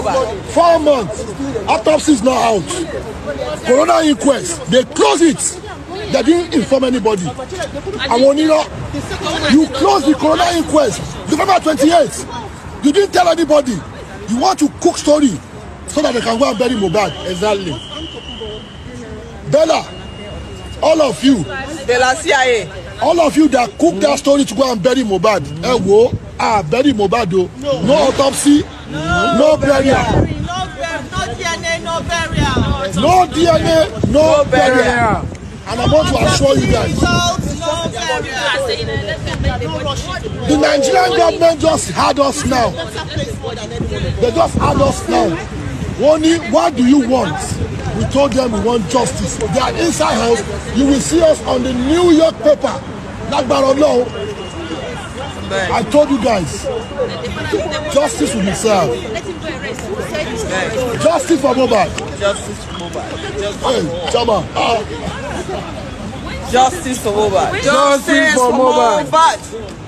Four months, autopsy is not out. Corona inquest, they close it. They didn't inform anybody. Àwọn onírọ̀, you close the corona inquest November twenty-eight. You didn't tell anybody. You want to cook story so that they can go and bury Mohbad. Exactly. Bella, all of you. Bella CIA. All of you that cook mm. that story to go and bury Mohbad. Ẹ wo, ah, bury Mohbad o. No. no autopsy no, no burial. No, burial. No, DNA, no burial. No DNA, no, no burial. burial. And I want to assure you guys. The Nigerian government just had us now. They just had us now. Wọ́n what do you want? We told them we want justice. They are inside house. You will see us on the New York paper. Lágbára Ọlọ́run I told you guys, justice will be served. Justice for mobile. Justice for Mohbad. Hey, Chama. Ah. Justice for mobile. Justice for Mohbad.